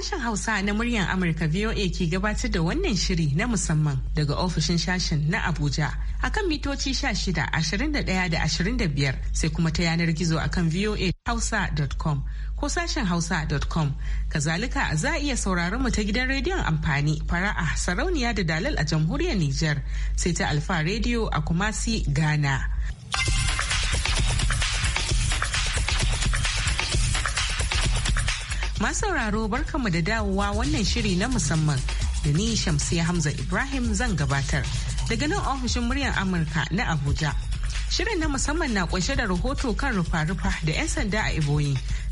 Sashen Hausa na muryar Amurka VOA ke gabatar da wannan shiri na musamman daga ofishin sashen na Abuja a kan mitoci 16, 21 da 25 sai kuma ta yanar gizo a akan voahausa.com ko sashen hausa.com. Kazalika za a iya sauraron mu ta gidan rediyon amfani fara'a sarauniya da dalal a jamhuriyar Nijar sai ta Alfa Rediyo a Kumasi Ghana. Masu sauraro barkanmu da dawowa wannan shiri na musamman da ni shamsi Hamza Ibrahim zan gabatar daga nan ofishin muryar Amurka na Abuja. Shirin na musamman na kunshe da rahoto kan rufa-rufa da 'yan sanda a Ibo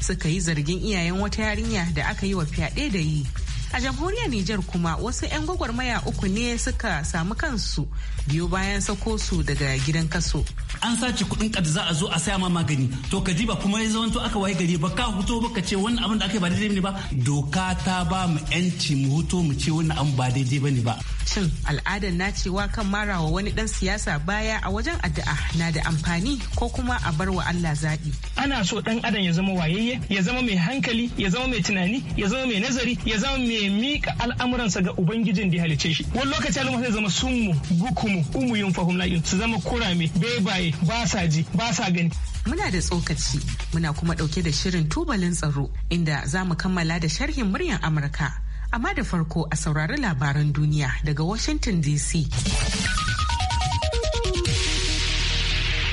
suka yi zargin iyayen wata yarinya da aka yi wa fyaɗe da yi. A jamhuriyar Nijar kuma wasu 'yan gwagwarmaya uku ne suka samu kansu biyu bayan sako su daga gidan kaso. An sace kuɗin kad za a zo a saya ma magani to ka ji ba kuma ya zamanto aka waye gari ba ka huto ba ka ce wannan abin da aka yi ba daidai ba doka ta ba mu 'yanci mu huto mu ce wannan abin ba daidai ba ne ba. shin al'adar cewa kan mara wa wani dan siyasa baya a wajen addu'a na da amfani ko kuma a bar wa Allah zaɓi ana so ɗan adam ya zama wayayye ya zama mai hankali ya zama mai tunani ya zama mai nazari ya zama mai mika al'amuransa ga ubangijin da ya halice shi wani lokaci al'umma sai zama summu bukumu umuyun fahum la'in su zama kurame bebaye ba sa ji ba sa gani muna da tsokaci muna kuma ɗauke da shirin tubalin tsaro inda za mu kammala da sharhin muryar amurka amma da farko a saurari labaran duniya daga Washington DC.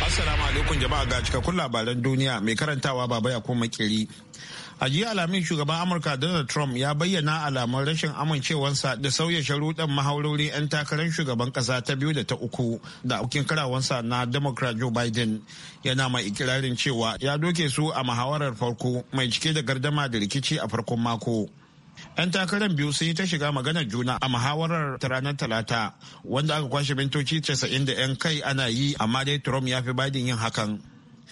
Assalamu alaikum jama'a ga cikakkun labaran duniya mai karantawa baba ya kuma makiri. A jiya alamin shugaban Amurka Donald Trump ya bayyana alamun rashin amincewarsa da sauya sharuɗan mahaurori 'yan takarar shugaban ƙasa ta biyu da ta uku da aukin karawansa na Democrat Joe Biden. Yana mai ikirarin cewa ya doke su a muhawarar farko mai cike da gardama da rikici a farkon mako. 'Yan takarar biyu sun yi ta shiga maganar juna a muhawarar ta ranar Talata, wanda aka kwashe mintoci casa'in da 'yan kai ana yi amma dai Trump ya fi Biden yin hakan.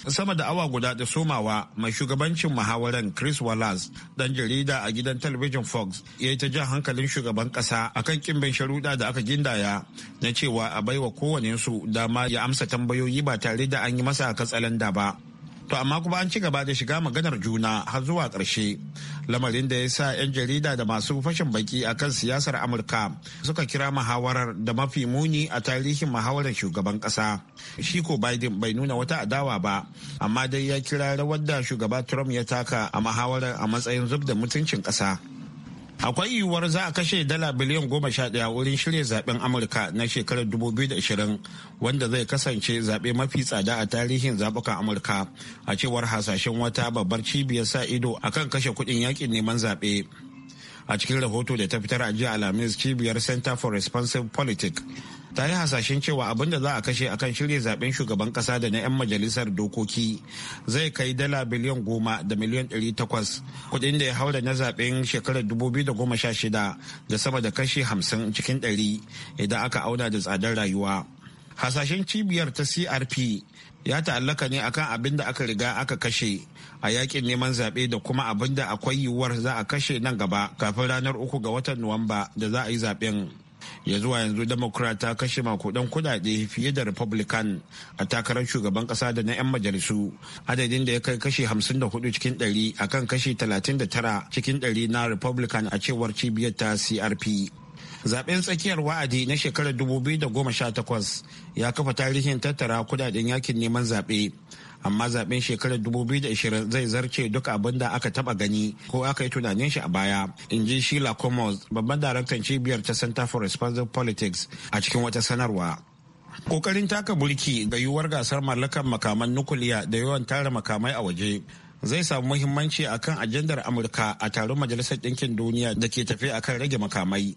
Sama da awa guda da somawa mai shugabancin muhawaran Chris Wallace dan jarida a gidan talabijin Fox ya yi ta jan hankalin shugaban kasa akan kimbin sharuɗa da aka gindaya na cewa a baiwa kowane su dama ya amsa tambayoyi ba tare da an yi masa katsalanda ba. to amma kuma an ci gaba da shiga maganar juna har zuwa ƙarshe lamarin da ya sa 'yan jarida da masu fashin baki a kan siyasar amurka suka kira muhawarar da mafi muni a tarihin muhawarar shugaban ƙasa shi ko biden bai nuna wata adawa ba amma dai ya kira rawar da shugaba trump ya taka a muhawarar a matsayin zub da mutuncin ƙasa akwai yiwuwar za a kashe dala biliyan goma sha ɗaya wurin shirya zaben amurka na shekarar dubu biyu da 2020 wanda zai kasance zaɓe mafi tsada a tarihin zaɓukan amurka a cewar hasashen wata babbar cibiyar sa ido akan kashe kuɗin yakin neman zaɓe a cikin rahoto da ta fitar a jiya alhamis cibiyar center for responsive politics ta yi hasashen cewa abin da za a kashe akan shirya zaben shugaban kasa da na 'yan majalisar dokoki zai kai dala biliyan goma da miliyan ɗari takwas kuɗin da ya haura na zaben shekarar dubu da goma sha shida da sama da kashe hamsin cikin ɗari idan aka auna da tsadar rayuwa hasashen cibiyar ta crp ya ta'allaka ne akan abin da aka riga aka kashe a yakin neman zaɓe da kuma abin da akwai yiwuwar za a kashe nan gaba kafin ranar uku ga watan nuwamba da za a yi zaɓen ya zuwa yanzu democrat ta kashe makudan kudade fiye da republican a takarar shugaban kasa da na 'yan majalisu adadin da ya kai kashi 54 cikin 100 akan kashi 39 cikin 100 na republican a cewar cibiyar ta crp zaben tsakiyar wa'adi na shekarar 2018 ya kafa tarihin tattara kudaden yakin neman zaɓe amma zaben shekarar dubu da 2020 zai zarce duk abin da aka taba gani ko aka yi tunanin shi a baya in ji sheila commons babban daraktan cibiyar ta center for responsive politics a cikin wata sanarwa kokarin taka burki ga yiwuwar gasar mallakar makaman nukuliya da yawan tara makamai a waje zai samu muhimmanci akan ajandar amurka a taron majalisar ɗinkin duniya da ke tafe akan rage makamai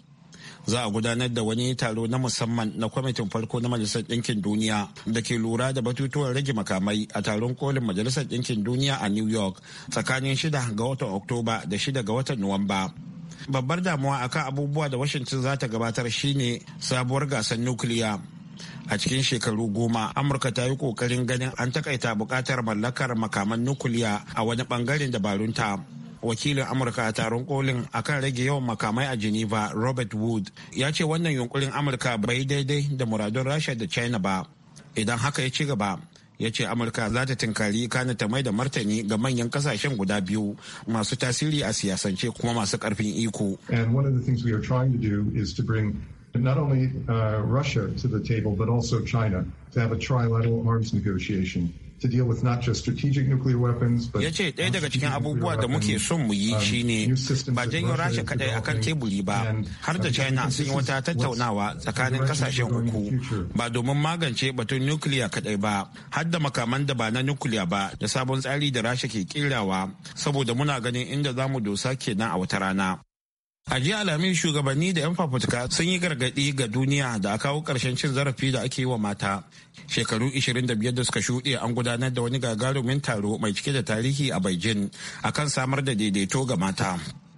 za a gudanar da wani taro na musamman na kwamitin farko na majalisar ɗinkin duniya da ke lura da batutuwan rage makamai a taron kolin majalisar ɗinkin duniya a new york tsakanin shida ga watan oktoba da shida ga watan nuwamba babbar damuwa akan abubuwa da washington za ta gabatar shine sabuwar gasar nukiliya a cikin shekaru goma amurka ta yi kokarin ganin an takaita bukatar mallakar makaman nukiliya a wani bangaren dabarunta wakilin amurka a taron kolin a kan rage yawan makamai a geneva robert wood ya ce wannan yunkurin amurka bai daidai da muradun rasha da china ba idan haka ya ci gaba ya ce amurka za ta tinkari kana ta mai da martani ga manyan kasashen guda biyu masu tasiri a siyasance kuma masu karfin iko not only uh, Russia to the table, but also China to have a trilateral arms negotiation. to deal yace ɗaya daga cikin abubuwa da muke son mu yi um, shine ba janyo rasha kadai akan teburi ba har da china sun yi wata tattaunawa tsakanin kasashen uku ba domin magance batun nukiliya kadai ba har da makaman da ba na nukiliya ba da sabon tsari da rasha ke kirawa saboda muna ganin inda zamu dosa kenan a wata rana A jiya alamin shugabanni da 'yan fafutuka sun yi gargaɗi ga duniya da a kawo ƙarshen cin zarafi da ake yi wa mata. Shekaru 25 da suka shuɗe an gudanar da wani gagarumin taro mai cike da tarihi a Beijing kan samar da daidaito ga mata.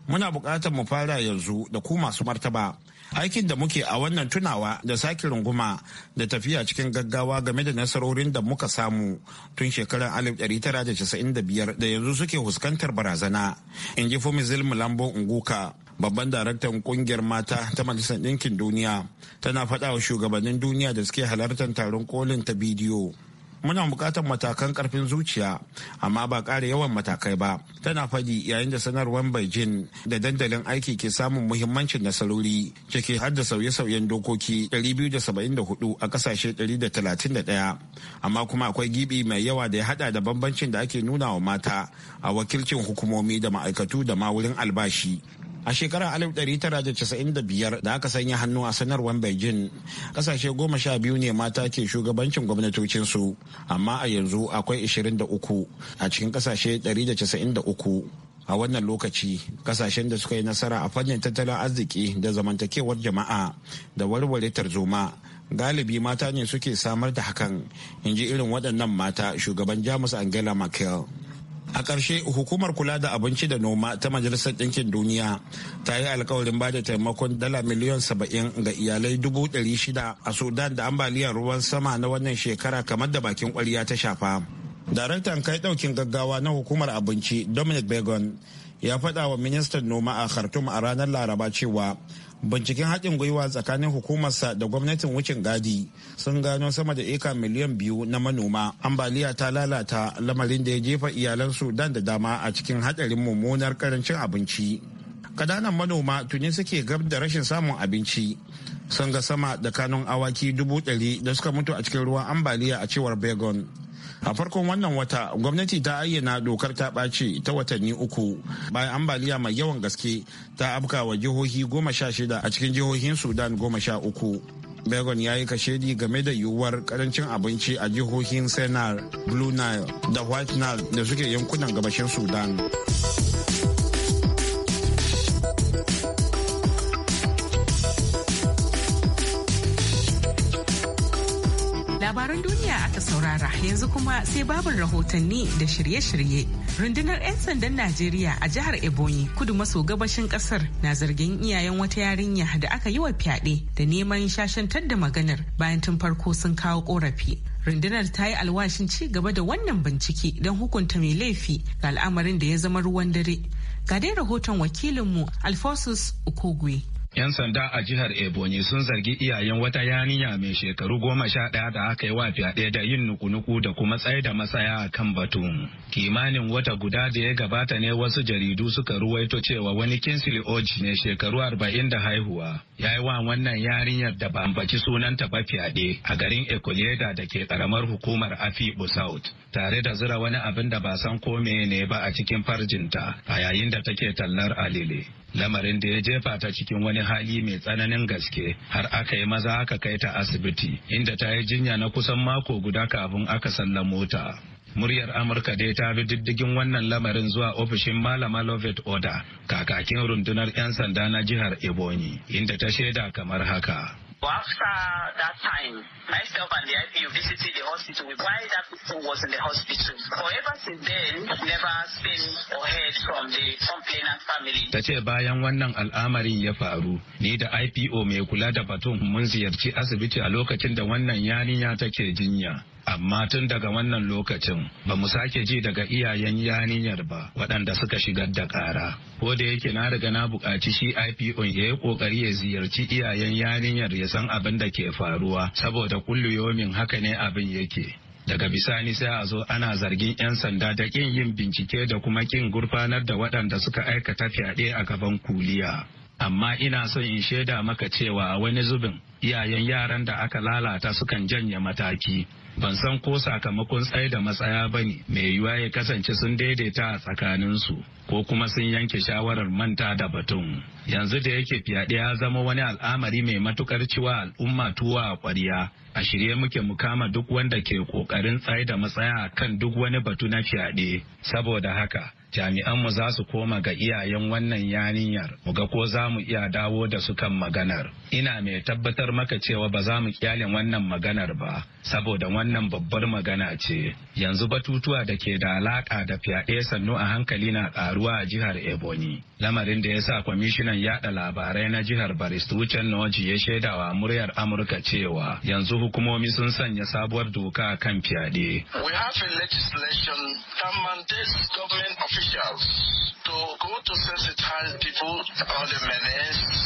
Muna buƙatar mu fara yanzu da ku masu martaba. Aikin da muke a wannan tunawa da sake runguma da tafiya cikin gaggawa game da nasarorin da muka samu tun shekarar 1995 da yanzu suke fuskantar barazana. In ji Fumizil Mulambo Nguka. babban daraktan kungiyar mata ta majalisar ɗinkin duniya tana faɗa wa shugabannin duniya da suke halartar taron kolin ta bidiyo muna bukatar matakan karfin zuciya amma ba ƙara yawan matakai ba tana faɗi yayin da sanarwar beijing da dandalin aiki ke samun muhimmancin nasarori ciki har da sauye-sauyen dokoki 274 a ƙasashe 131 amma kuma akwai gibi mai yawa da ya hada da bambancin da ake nuna wa mata a wakilcin hukumomi da ma'aikatu da ma wurin albashi a shekarar 1995 da aka sanya hannu a sanarwar beijing kasashe goma sha biyu ne mata ke shugabancin gwamnatocinsu amma a yanzu akwai 23 a cikin kasashe 193 a wannan lokaci kasashen da suka yi nasara a fannin tattalin arziki da zamantakewar jama'a da warware tarzoma galibi mata ne suke samar da hakan in ji irin waɗannan mata shugaban jamus angela merkel a ƙarshe hukumar kula da abinci da noma ta majalisar ɗinkin duniya ta yi alkawarin ba da taimakon dala miliyan saba'in ga iyalai dubu ɗari shida a sudan da ambaliyar ruwan sama na wannan shekara kamar da bakin ƙwarya ta shafa daraktan kai ɗaukin gaggawa na hukumar abinci dominic begon ya faɗa wa ministan noma a khartum a ranar laraba cewa binciken haɗin gwiwa tsakanin hukumarsa da gwamnatin wucin gadi sun gano sama da eka miliyan biyu na manoma ambaliya ta lalata lamarin da ya jefa iyalan sudan da dama a cikin haɗarin mummunar karancin abinci kadanan manoma tuni suke gab da rashin samun abinci sun ga sama da kanun awaki dubu ɗari da suka mutu a cikin ruwan ambaliya a cewar begon a farkon wannan wata gwamnati ta ayyana dokar ta ɓace ta watanni uku bayan ambaliya mai yawan gaske ta afka wa jihohi goma sha shida a cikin jihohin sudan goma sha uku Begon ya yi kashedi game da yiwuwar karancin abinci a jihohin Senar, Blue Nile da White Nile da suke yankunan gabashin Sudan. Labaran duniya aka saurara yanzu kuma sai babin rahotanni da shirye-shirye. Rundunar 'yan sandan Najeriya a jihar Ebonyi kudu maso gabashin kasar na zargin iyayen wata yarinya da aka yi wa fyaɗe da neman shashantar da maganar bayan tun farko sun kawo korafi. Rundunar ta yi alwashin ci gaba da wannan bincike don hukunta mai laifi ga al'amarin da ya zama ruwan dare. Ga dai rahoton wakilinmu Alphonsus Ukogwe. 'Yan sanda a jihar Ebonyi sun zargi iyayen wata yaniya mai shekaru goma sha ɗaya da aka yi wa fyaɗe da yin nuku-nuku da kuma tsaye da masaya a kan batu Kimanin wata guda da ya gabata ne wasu jaridu suka ruwaito cewa wani Kinsley Oji ne shekaru arba'in da haihuwa. Ya yi wa wannan yarinyar da ba baci sunanta ba fyaɗe a garin Ekoyeda da ke karamar hukumar Afibu South. Tare da zura wani abin da ba san ko ne ba a cikin farjinta a yayin da take tallar alele. lamarin da ya jefa ta cikin wani hali mai tsananin gaske har aka yi maza aka kai ta asibiti inda ta yi jinya na kusan mako guda kafin aka sallamo ta muryar amurka dai ta bi diddigin wannan lamarin zuwa ofishin malama lovet order kakakin rundunar 'yan sanda na jihar ebonyi inda ta shaida kamar haka After that time, myself and the IPU visited the hospital with why that person was in the hospital. However, since then, never seen or heard from the complainant family. Ta ce bayan wannan al'amarin ya faru, ni da IPO mai kula da batun mun ziyarci asibiti a lokacin da wannan yarinya take jinya. amma tun daga wannan lokacin ba mu sake ji daga iyayen yaniyar ba waɗanda suka shigar da ƙara ko da yake na riga na buƙaci shi ipo ya yi ƙoƙari ya ziyarci iyayen yaniyar ya san abin da ke faruwa saboda kulliyomin haka ne abin yake daga bisani sai a zo ana zargin 'yan sanda da kin yin bincike da kuma ƙin gurfanar da waɗanda suka aikata fyaɗe a gaban kuliya amma ina son in shaida maka cewa wani zubin iyayen yaran da aka lalata sukan janye mataki ban san ko sakamakon tsaye da matsaya ba ne mai yiwuwa ya kasance sun daidaita a tsakaninsu ko kuma sun yanke shawarar manta da batun yanzu da yake fyaɗe ya zama wani al'amari mai matukar ciwa al'umma tuwa a ƙwarya a shirye muke mu kama duk wanda ke ƙoƙarin tsaye da matsaya kan duk wani batu na fyaɗe saboda haka jami'an mu za su koma ga iyayen wannan yarinyar mu ga ko za mu iya dawo da su kan maganar ina mai tabbatar maka cewa ba za mu kyale wannan maganar ba saboda wannan babbar magana ce yanzu batutuwa da ke da alaƙa da fyaɗe sannu a hankali na ƙaruwa a jihar Ebonyi. Lamarin da ya sa kwamishinan yaɗa labarai na jihar Baristucen Noji ya shaidawa muryar Amurka cewa yanzu hukumomi sun sanya sabuwar doka kan fyaɗe. We have a legislation that mandates government officials to go to sensitize people about the menace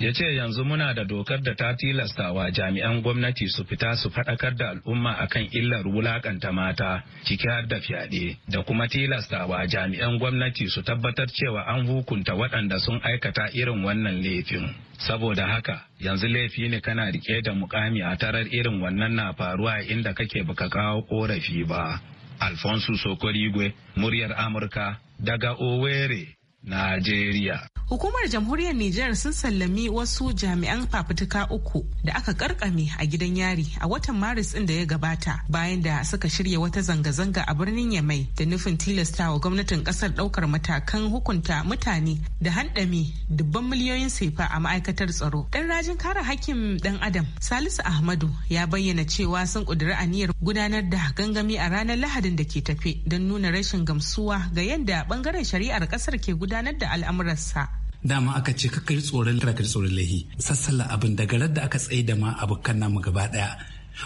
Ya ce yanzu muna da dokar da ta tilasta wa jami'an gwamnati su fita su faɗakar da al'umma akan illar wulaƙanta mata ciki har da fyaɗe da kuma tilasta wa jami'an gwamnati su tabbatar cewa an hukunta waɗanda sun aikata irin wannan laifin. Saboda haka yanzu laifi ne kana rike da mukami a tarar irin wannan na faruwa inda kake baka kawo korafi ba. Alfonso Sokorigwe, muryar Amurka daga Owere Najeriya. Hukumar jamhuriyar Nijar sun sallami wasu jami'an fafutuka uku da aka karkame a gidan yari a watan Maris ɗin da ya gabata bayan da suka shirya wata zanga-zanga a birnin Yamai da nufin tilasta wa gwamnatin ƙasar ɗaukar matakan hukunta mutane da handami dubban miliyoyin sefa a ma'aikatar tsaro. Ɗan rajin kare hakkin ɗan Adam Salisu Ahmadu ya bayyana cewa sun ƙudiri aniyar gudanar da gangami a ranar Lahadin da ke tafe don nuna rashin gamsuwa ga yadda ɓangaren shari'ar ƙasar ke gudanar da al'amuransa. dama aka ce kakai tsoron kakar tsoron lahi sassala abin garar da aka tsaye da ma abokan namu gaba daya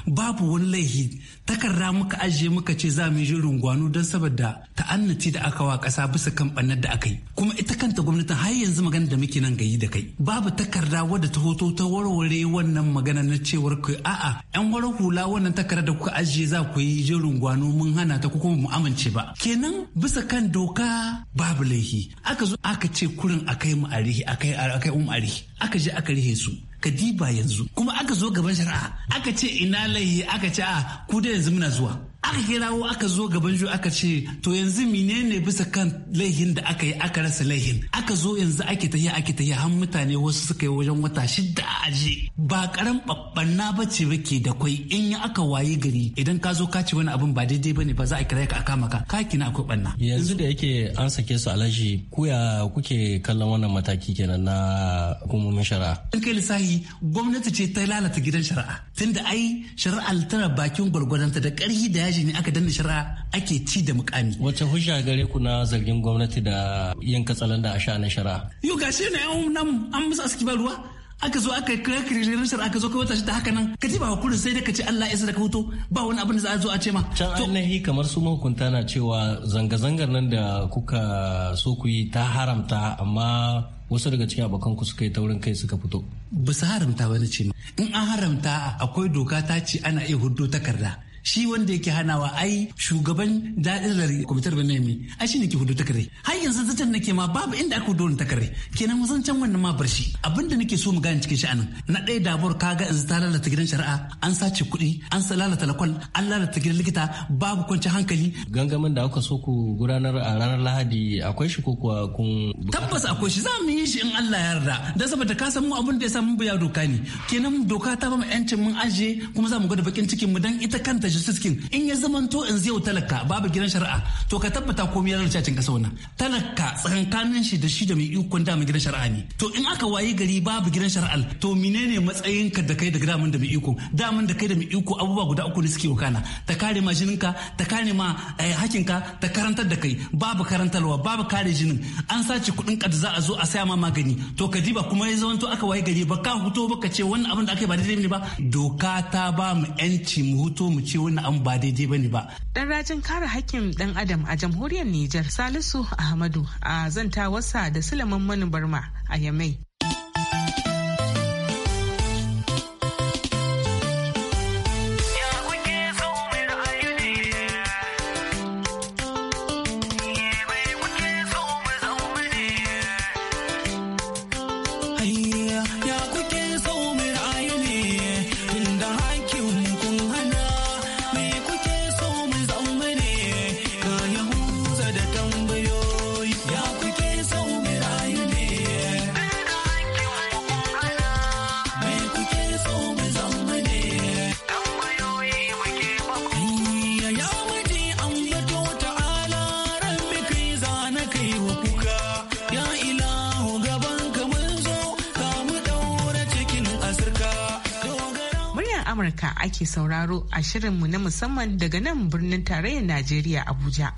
babu wani laihi takarda muka ajiye muka ce za mu yi gwano don saboda ta'annati da aka wa ƙasa bisa kan bannar da aka yi kuma ita kanta gwamnati har yanzu magana da muke nan gayi da kai babu takarda wadda ta hoto ta warware wannan magana na cewar ku a'a yan warar hula wannan takarda da kuka ajiye za ku yi jirin gwano mun hana ta ko kuma mu amince ba kenan bisa kan doka babu laihi aka zo aka ce kurin akai mu arihi akai akai um arihi aka je aka rihe su ka yanzu kuma aka zo gaban shari'a aka ce ina laihi aka ce a ah, ku da yanzu muna zuwa aka kirawo aka zo gaban shi aka ce to yanzu ne bisa kan laihin da aka yi aka rasa laihin aka zo yanzu ake tahiya ake tahiya har mutane wasu suka yi wajen wata shida a aje ba karan babban ba ce ba ke da kwai in ya aka waye gari idan ka zo ka ci wani abin ba daidai ba ne ba za a kira ka a kama ka ka kina akwai banna yanzu da yake an sake su alashi ya kuke kallon wannan mataki kenan na hukumomin shari'a in kai lissahi gwamnati ce ta lalata gidan shari'a tunda ai shari'a tana bakin gwargwadonta da ƙarfi da ya daji ne aka danna shari'a ake ci da mukami wace hujja gare ku na zargin gwamnati da yin da a na shari'a yo shi ne an an musu aski ba ruwa aka zo aka kira kiririn shari'a aka zo kai wata shi ta haka nan ka ji ba sai da ka ce Allah ya ka hoto ba wani abin da za a zo a ce ma can ainihi kamar su mahukunta na cewa zanga-zangar nan da kuka so ku yi ta haramta amma wasu daga cikin abokan ku suka yi taurin kai suka fito ba su haramta ba na ce in an haramta akwai doka ta ce ana iya hudu takarda shi wanda yake hanawa ai shugaban da'irar kwamitar benami ai shi ne ke hudu takardai har yanzu zaton nake ma babu inda aka hudu takardai kenan zan can wannan ma bar shi abinda nake so mu gane cikin sha'anin na ɗaya damuwar kaga yanzu ta lalata gidan shari'a an sace kuɗi an lalata lakwal an lalata gidan likita babu kwanci hankali gangamin da aka so ku gudanar a ranar lahadi akwai shi ko kuwa kun tabbas akwai shi za mu yi shi in Allah ya yarda da saboda ka san mu abin da ya samu buya doka ne kenan doka ta ba mu yancin mun aje kuma za mu gwada bakin cikin mu dan ita kanta shi siskin in ya zamanto in zai talaka babu gidan shari'a to ka tabbata komai ya lalace a cikin kasa wannan talaka tsakankanin shi da shi da mai ikon da mai gidan shari'a ne to in aka waye gari babu gidan shari'a to menene matsayinka da kai da damun da mai iko damun da kai da mai iko abubuwa guda uku ne suke wakana ta kare ma ka ta kare ma eh, hakinka ta karantar da kai babu karantarwa babu kare jinin an sace kuɗin ka da za a zo a saya ma magani to ka diba kuma ya zamanto aka waye gari ba ka huto ba ka ce wannan abin da aka yi ba daidai ne ba doka ta ba mu 'yanci mu huto mu ce wani an ba daidai bane ba dan rajin kare hakkin dan adam a jamhuriyar Nijar Salisu Ahmadu a zantawarsa da Sulaiman manubarma a Yamai ke sauraro a shirinmu na musamman daga nan birnin tarayyar Najeriya Abuja.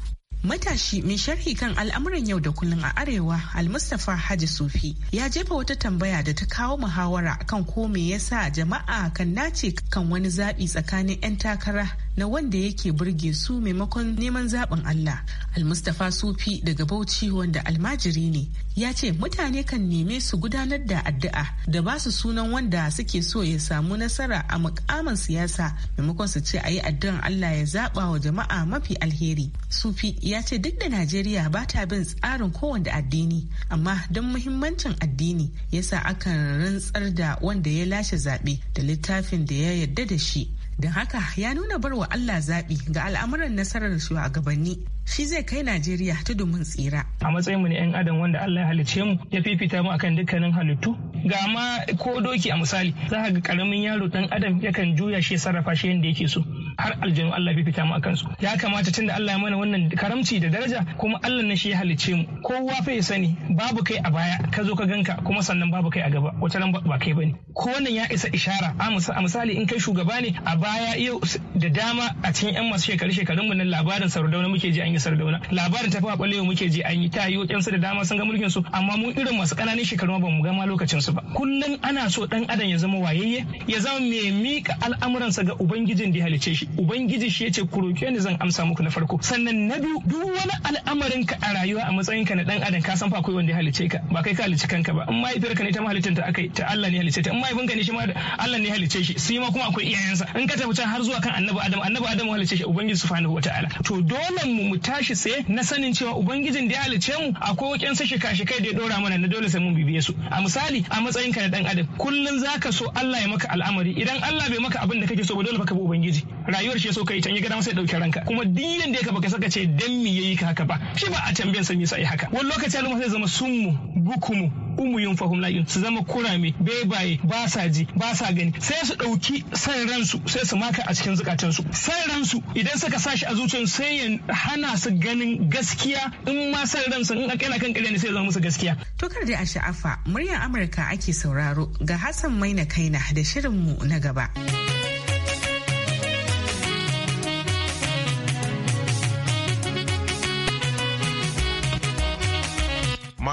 Matashi mai sharhi kan al'amuran yau da kullum a Arewa Mustapha Haji Sufi ya jefa wata tambaya da ta kawo muhawara kan ko me yasa jama'a kan nace kan wani zaɓi tsakanin 'yan takara na wanda yake burge su maimakon neman zaɓin Allah. Almustafa Sufi daga Bauchi wanda almajiri ne ya ce mutane kan neme su gudanar da addu'a da ba su sunan wanda suke so ya samu nasara a mukamin siyasa maimakon su ce a yi addu'an Allah ya zaɓa wa jama'a mafi alheri. Sufi ya ce duk da Najeriya ba ta bin tsarin kowanne addini amma don muhimmancin addini yasa akan rantsar da wanda ya lashe zaɓe da littafin da ya yarda da shi Don haka ya nuna barwa Allah zaɓi ga al'amuran nasarar shugabanni shi zai kai Najeriya ta domin tsira. A matsayin mu ne 'yan adam wanda Allah ya halicce mu ya fifita mu akan dukkanin halittu ga ma ko doki a misali za ga karamin yaro dan adam yakan juya shi sarrafa shi yadda yake so har aljanu Allah ya fita mu akan su ya kamata tunda Allah ya mana wannan karamci da daraja kuma Allah na shi ya halicce mu kowa fa ya sani babu kai a baya ka zo ka ganka kuma sannan babu kai a gaba wata nan ba kai bane ko wannan ya isa ishara a misali in kai shugaba ne a baya yau da dama a cikin yan masu shekaru shekarun mu nan labarin sardauna muke ji an yi Aminu Sardauna labarin tafi a yau muke ji an yi ta yi wajen su da dama sun ga mulkin su amma mu irin masu ƙananan shekaru ba mu gama lokacin su ba kullum ana so dan adam ya zama wayayye ya zama mai mika al'amuransa ga ubangijin da ya halice shi ubangiji shi yace ku roke ni zan amsa muku na farko sannan na biyu duk wani al'amarin ka a rayuwa a matsayin ka na dan adam ka san fa akwai wanda ya halice ka ba kai ka halice kanka ba amma ifir ka ne ta mahalicin ta akai ta Allah ne halice ta amma ifin ka ne shi ma Allah ne halice shi sai ma kuma akwai iyayensa in ka tafi har zuwa kan annabi Adam annabi Adam halice shi ubangiji subhanahu wataala to dole mu tashi tsaye na sanin cewa ubangijin da ya halice mu akwai sa shika kai da ya dora mana na dole sai mun bibiye su a misali a matsayin ka na dan adam kullun zaka so Allah ya maka al'amari idan Allah bai maka abin da kake so ba dole fa ka bi ubangiji rayuwar shi ya so kai can ya masa sai dauki ranka kuma duk yanda ka baka saka ce dan me yayi ka haka ba shi ba a tambayan sa me yasa haka wani lokaci al'umma zai zama sunmu bukumu umuyun fahum layun su zama kurame bebaye ba sa ji ba sa gani sai su ɗauki san ransu sai su maka a cikin su san ransu idan suka sashi a zuciyar sai ya hana su ganin gaskiya in ma san ransu in kan kare ne sai ya zama musu gaskiya to kar dai a sha'afa muryar amurka ake sauraro ga hassan maina kaina da shirin mu na gaba.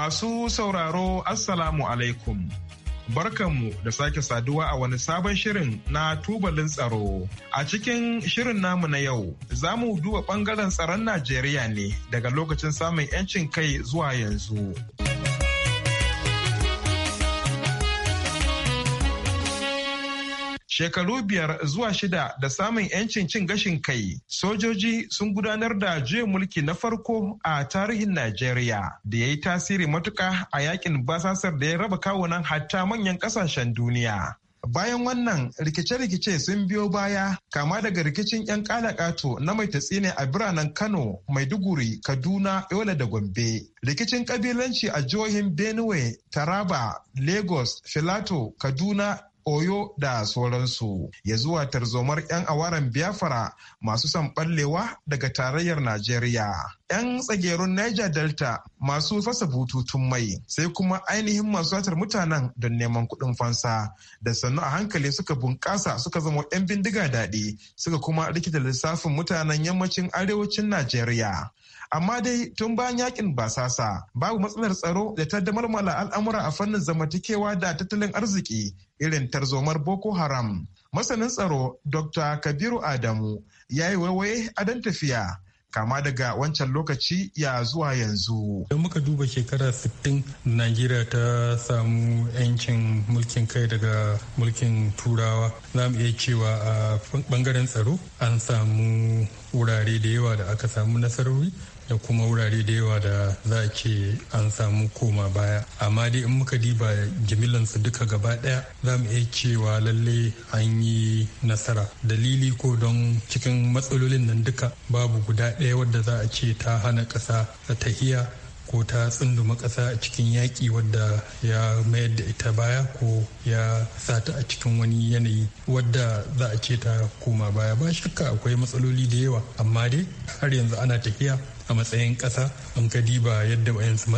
Masu sauraro Assalamu alaikum. Barkanmu da sake saduwa a wani sabon shirin na tubalin tsaro. A cikin shirin namu na yau, za mu duba ɓangaren tsaron Najeriya ne daga lokacin samun 'yancin kai zuwa yanzu. shekaru biyar zuwa shida da samun 'yancin cin gashin kai sojoji sun gudanar da juya mulki na farko a tarihin najeriya da ya yi tasiri matuka a yakin basasar da ya raba kawunan hatta manyan kasashen duniya bayan wannan rikice-rikice sun biyo baya kama daga rikicin 'yan kalakato na mai tatsine a biranen kano maiduguri kaduna yola da gombe rikicin kabilanci a jihohin benue taraba lagos filato kaduna oyo da sauransu ya zuwa tarzomar 'yan awaran biyafara masu son ɓallewa daga tarayyar najeriya 'yan tsagerun niger delta masu fasa bututun mai sai kuma ainihin masu watar mutanen don neman kuɗin fansa da sannu a hankali suka bunƙasa suka zama 'yan bindiga daɗi suka kuma rikita lissafin mutanen yammacin arewacin najeriya amma dai tun bayan yakin basasa babu matsalar tsaro da ta damarmala al'amura a fannin zamantakewa da tattalin arziki irin tarzomar Boko Haram. Masanin tsaro Dr. Kabiru Adamu ya yi waiwaye a dan tafiya kama daga wancan lokaci ya zuwa yanzu. Idan muka duba shekara 60 Najeriya ta samu 'yancin mulkin kai daga mulkin turawa za mu iya cewa a bangaren tsaro an samu wurare da yawa da aka samu nasarori da kuma wurare da yawa da za a ce an samu koma baya amma dai in muka diba jimillansu duka gaba daya za mu iya cewa lalle an yi nasara dalili ko don cikin matsalolin nan duka babu guda ɗaya wadda za a ce ta hana ƙasa ta tahiya ko ta tsunduma ƙasa a cikin yaƙi wadda ya mayar da ita baya ko ya sa ta a cikin wani yanayi wadda za a ce ta koma baya ba shakka akwai matsaloli da yawa amma dai har yanzu ana tafiya a matsayin ƙasa an ka diba yadda wayansu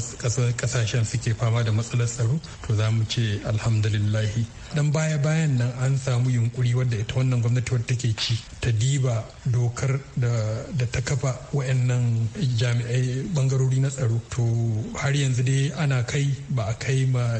kasashen suke fama da matsalar tsaro to za mu ce alhamdulillahi dan baya bayan nan an samu yunkuri wadda ita wannan gwamnati wadda take ci ta diba dokar da ta kafa wayannan jami'ai bangarori na tsaro to har yanzu dai ana kai ba a kai ma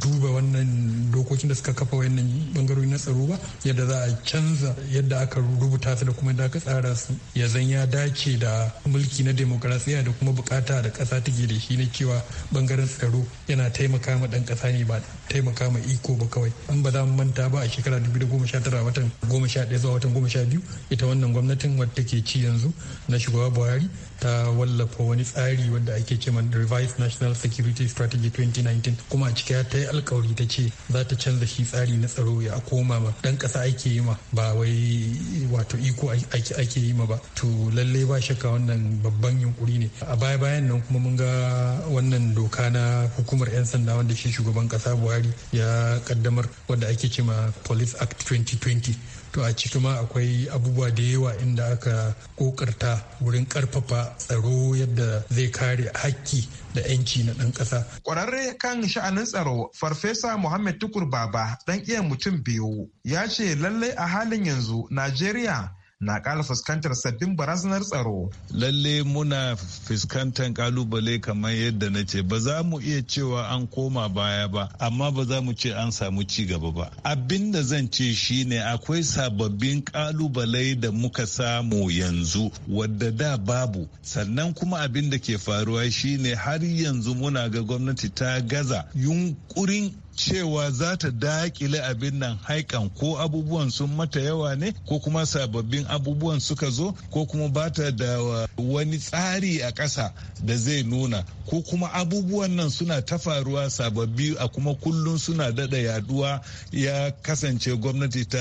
duba wannan dokokin da suka kafa wayannan bangarori na tsaro ba yadda za a canza yadda aka rubuta su da kuma da aka tsara su ya zan ya dace da mulki na demokarasiya da kuma buƙatar bukata da ƙasa take da shi na cewa bangaren tsaro yana taimaka ma ɗan ƙasa ne ba taimaka ma iko ba kawai in ba za mu manta ba a shekara 2019 watan 11 zuwa watan 12 ita wannan gwamnatin wadda ke ci yanzu na shugaba buhari ta wallafa wani tsari wanda ake ce man revised national security strategy 2019 kuma a ciki ta yi alkawari ta ce za ta canza shi tsari na tsaro ya koma ma dan kasa ake yi ma ba wai wato iko ake yi ma ba to lallai ba shakka wannan babban yunkuri ne a baya bayan nan kuma mun ga wannan doka na hukumar 'yan sanda wanda shi shugaban kasa buhari ya kaddamar wanda ake ce police act 2020 to a ciki ma akwai abubuwa da yawa inda aka kokarta wurin karfafa tsaro yadda zai kare hakki da 'yanci na ɗan ƙasa. Ƙwararre kan sha'anin tsaro Farfesa Muhammad Tukur Baba ɗan iya mutum biyu ya ce lallai a halin yanzu Najeriya na ƙara fuskantar sabbin barazanar tsaro. Lalle muna fuskantar kalubale kamar yadda na ce ba za mu iya cewa an koma baya ba amma ba za mu ce an samu ci gaba ba. Abin da zan ce shi ne akwai sababbin kalubale da muka samu yanzu wadda da babu sannan kuma abin da ke faruwa shi ne har yanzu muna ga gwamnati ta gaza yunkurin cewa za ta dakile abin nan haikan ko abubuwan sun mata yawa ne ko kuma sababbin abubuwan suka zo ko kuma ba ta da wani tsari a ƙasa da zai nuna ko kuma abubuwan nan suna ta faruwa sababbi a kuma kullum suna daɗa yaduwa ya kasance gwamnati ta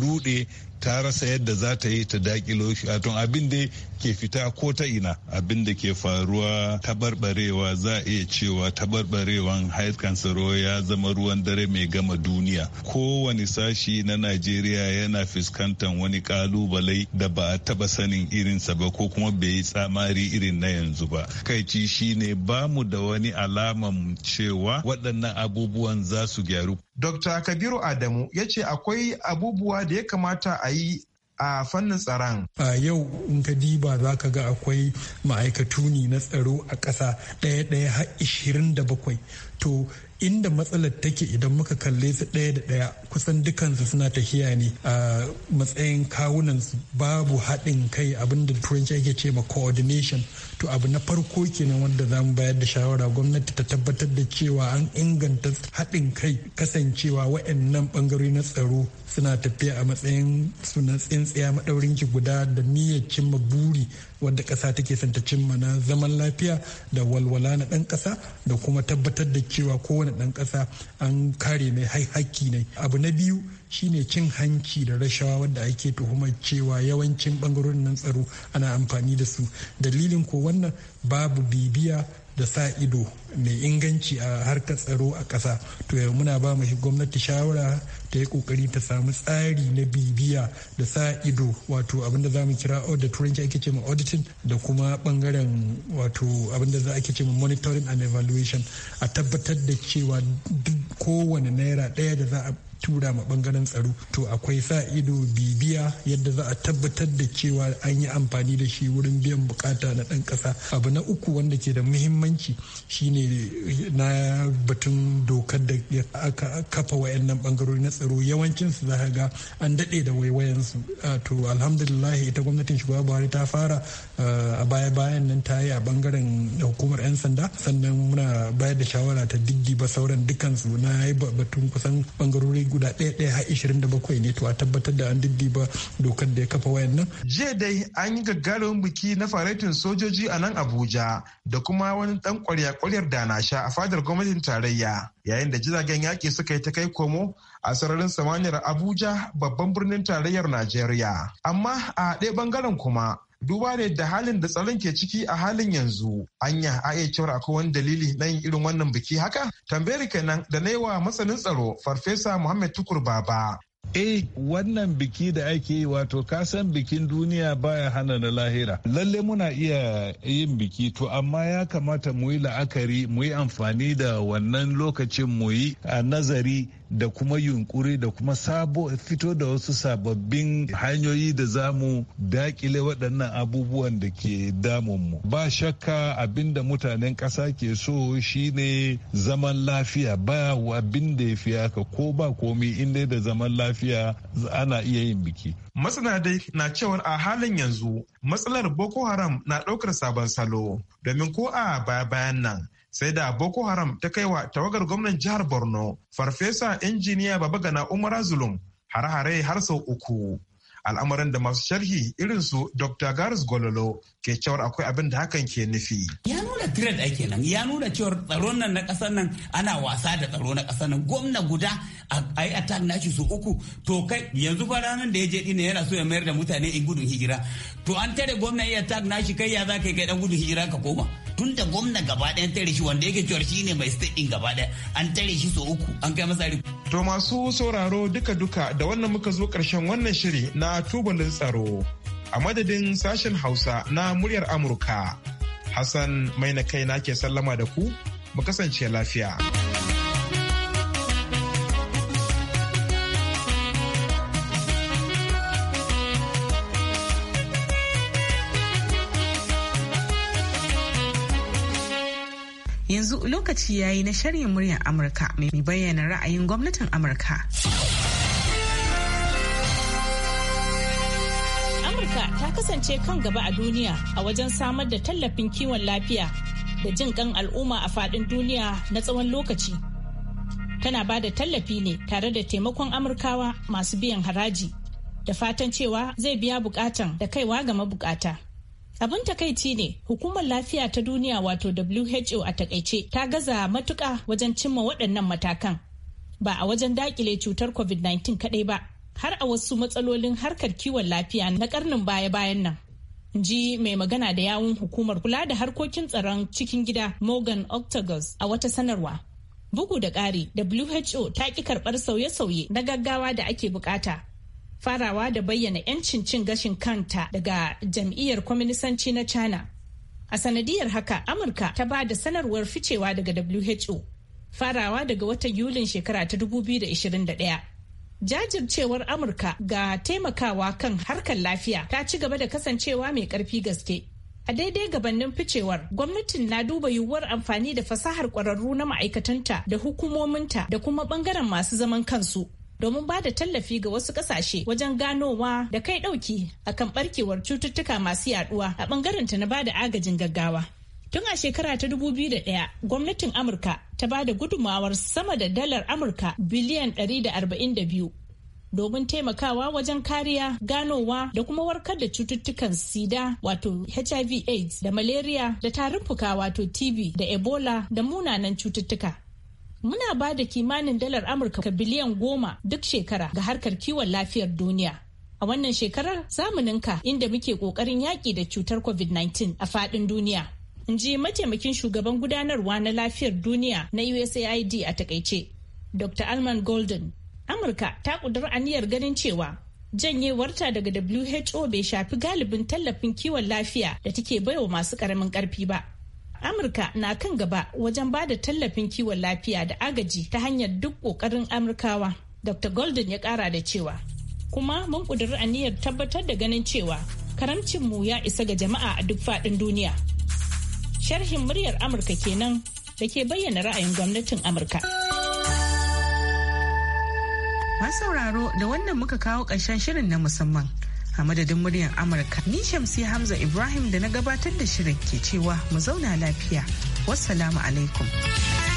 rude ta rasa yadda za ta yi ta dakilo shi a tun abin da ke fita ko ta ina abin da ke faruwa tabarbarewa za a iya cewa tabarbarewan haiskan kansaro ya zama ruwan dare mai gama duniya kowane sashi na najeriya yana fuskantar wani kalubale da ba a taba sanin irinsa ba ko kuma bai yi tsamari irin na yanzu ba kaici shine ba mu da wani alaman cewa waɗannan abubuwan za su gyaru Dr. Kabiru Adamu ya ce akwai abubuwa da ya kamata a yi a fannin tsaron. A yau in ka diba za ka ga akwai ma'aikatu ne na tsaro a ƙasa ɗaya ɗaya har ishirin da bakwai to inda matsalar take idan muka kalle su ɗaya da ɗaya kusan dukansu suna tafiya ne a matsayin kawunan babu haɗin kai abinda turanci ake ce ma coordination to abu na farko kenan wanda zamu bayar da shawara gwamnati ta tabbatar da cewa an inganta haɗin kai kasancewa wa'annan ɓangarori na tsaro suna tafiya a matsayin su na tsintsiya maɗaurin ki guda da niyyar cimma buri wadda ƙasa take son ta cimma na zaman lafiya da walwala na ɗan ƙasa da kuma tabbatar da cewa kowane ɗan ƙasa an kare mai haƙƙi ne abu na biyu shine cin hanci da rashawa wadda ake tuhumar cewa yawancin bangarorin nan tsaro ana amfani da su dalilin ko wannan babu bibiya da sa ido mai inganci a harkar tsaro a ƙasa to muna ba mu gwamnati shawara ta yi kokari ta samu tsari na bibiya da sa ido wato abinda za mu kira da turanci ake ce ma auditing da kuma bangaren wato abinda za ake ce ma monitoring and evaluation a tabbatar da cewa duk kowane naira ɗaya da za a tura ma bangaren tsaro to akwai sa ido bibiya yadda za a tabbatar da cewa an yi amfani da shi wurin biyan bukata na dan kasa abu na uku wanda ke da muhimmanci shine na batun dokar da aka kafa wayannan bangarori na tsaro yawancin su za ga an dade da waiwayan su to alhamdulillah ita gwamnatin shugaba Buhari ta fara eh, a baya bayan nan ta yi a bangaren hukumar yan sanda sannan muna bayar da shawara ta ba sauran dukansu na yi batun kusan bangarori guda ɗaya ɗaya har ishirin da bakwai ne to a tabbatar da an diddiba dokar da ya kafa wayannan. jiya dai an yi gagarumin biki na faretin sojoji a nan abuja da kuma wani ɗan kwarya-kwaryar da na sha a fadar gwamnatin tarayya yayin da jiragen yaƙi suka yi ta kai komo a sararin samaniyar abuja babban birnin tarayyar najeriya amma a ɗaya bangaren kuma duba ne da halin da tsaron ke ciki a halin yanzu anya a iya cewar akwai wani dalili na yin irin wannan biki haka tambayar kenan da na yi wa masanin tsaro farfesa muhammad tukur baba Eh wannan biki da ake yi wato kasan bikin duniya baya hana na lahira. Lalle muna iya yin biki to amma ya kamata mu yi la'akari mu yi amfani da wannan lokacin mu yi a nazari da kuma yunkuri da kuma sabo fito da wasu sababbin hanyoyi da za mu dakile waɗannan abubuwan da ke damunmu ba shakka abinda mutanen ƙasa ke so shine zaman lafiya ba abin da ya fi haka ko ba komi inda da zaman lafiya ana iya yin biki masana dai na cewar a halin yanzu matsalar boko haram na ɗaukar sabon salo domin ko a baya bayan nan sai da boko haram ta kai wa tawagar gwamnan jihar borno farfesa injiniya babagana umar zulum hare-hare har sau uku al'amuran da masu sharhi irin su dr garis gololo ke cewar akwai abin da hakan ke nufi ya nuna trade ake nan ya nuna cewar tsaron nan na ƙasar nan ana wasa da tsaro na kasar nan gwamna guda a yi attack nashi su uku to kai yanzu fa ranar da ya je dina yana so ya mayar da mutane in gudun hijira to an tare gwamna ya attack nashi kai ya za ka kai dan gudun hijira ka koma tun da gwamna gaba ɗaya tare shi wanda yake cewar shi ne mai state din gaba ɗaya an tare shi so uku an kai masa to masu sauraro duka-duka da wannan muka zo ƙarshen wannan shiri na tubalin tsaro. A madadin sashen Hausa na muryar Amurka, Hassan mai na kaina ke sallama da ku, mu kasance lafiya. yanzu lokaci yayi na sharhin muryar amurka mai bayyana ra'ayin gwamnatin amurka ta kasance kan gaba a duniya a wajen samar da tallafin kiwon lafiya da jin kan al'umma a faɗin duniya na tsawon lokaci. Tana ba da tallafi ne tare da taimakon Amurkawa masu biyan haraji da fatan cewa zai biya bukatan da kaiwa ga mabukata. Abin takaici ne hukumar lafiya ta duniya wato WHO a takaice ta gaza matuka wajen cimma waɗannan matakan. Ba a wajen dakile cutar COVID-19 kaɗai ba, har a wasu matsalolin harkar kiwon lafiya na karnin baya-bayan nan. ji mai magana da yawun hukumar kula da harkokin tsaron cikin gida Morgan Octagus a wata sanarwa. Bugu da ƙari, WHO ta ƙi karɓar sauye-sauye na gaggawa da ake bukata. Farawa da bayyana 'yancin cin gashin kanta daga jam'iyyar kwaminisanci na China. A sanadiyar haka, Amurka ta ba da sanarwar ficewa daga WHO. Farawa daga watan Yulin shekara ta 2021. jajircewar amurka ga taimakawa kan harkar lafiya ta ci gaba da kasancewa mai karfi gaske a daidai gabanin ficewar gwamnatin na duba yiwuwar amfani da fasahar kwararru na ma'aikatanta da hukumominta da kuma bangaren masu zaman kansu domin ba da tallafi ga wasu kasashe wajen ganowa da kai dauki akan barkewar cututtuka masu yaduwa a bangaren ta na bada agajin gaggawa Tun a shekara ta 2001 gwamnatin Amurka ta ba da gudumawar sama da dalar Amurka biliyan 142 domin taimakawa wajen kariya ganowa da kuma warkar da cututtukan sida wato hiv aids da malaria da tarin fuka wato tb da ebola da munanan cututtuka muna ba da kimanin dalar amurka biliyan goma duk shekara ga harkar kiwon lafiyar duniya a wannan shekarar zamuninka inda muke kokarin yaƙi da cutar covid-19 a faɗin duniya in ji mataimakin shugaban gudanarwa na lafiyar duniya na USAID a takaice. Dr. Alman Golden, Amurka ta ƙudiri aniyar ganin cewa janyewarta daga WHO bai shafi galibin tallafin kiwon lafiya da take baiwa masu ƙaramin ƙarfi ba. Amurka na kan gaba wajen ba da tallafin kiwon lafiya da agaji ta hanyar duk ƙoƙarin Amurkawa. Dr. Golden ya ƙara da cewa, kuma mun ƙudiri aniyar tabbatar da ganin cewa karamcinmu ya isa ga jama'a a duk faɗin duniya. sharhin muryar Amurka kenan da ke bayyana ra'ayin gwamnatin Amurka. sauraro da wannan muka kawo ƙarshen shirin na musamman a madadin muryar Amurka. Ni Shamsi Hamza Ibrahim da na gabatar da shirin ke cewa mu zauna lafiya. Wassalamu alaikum.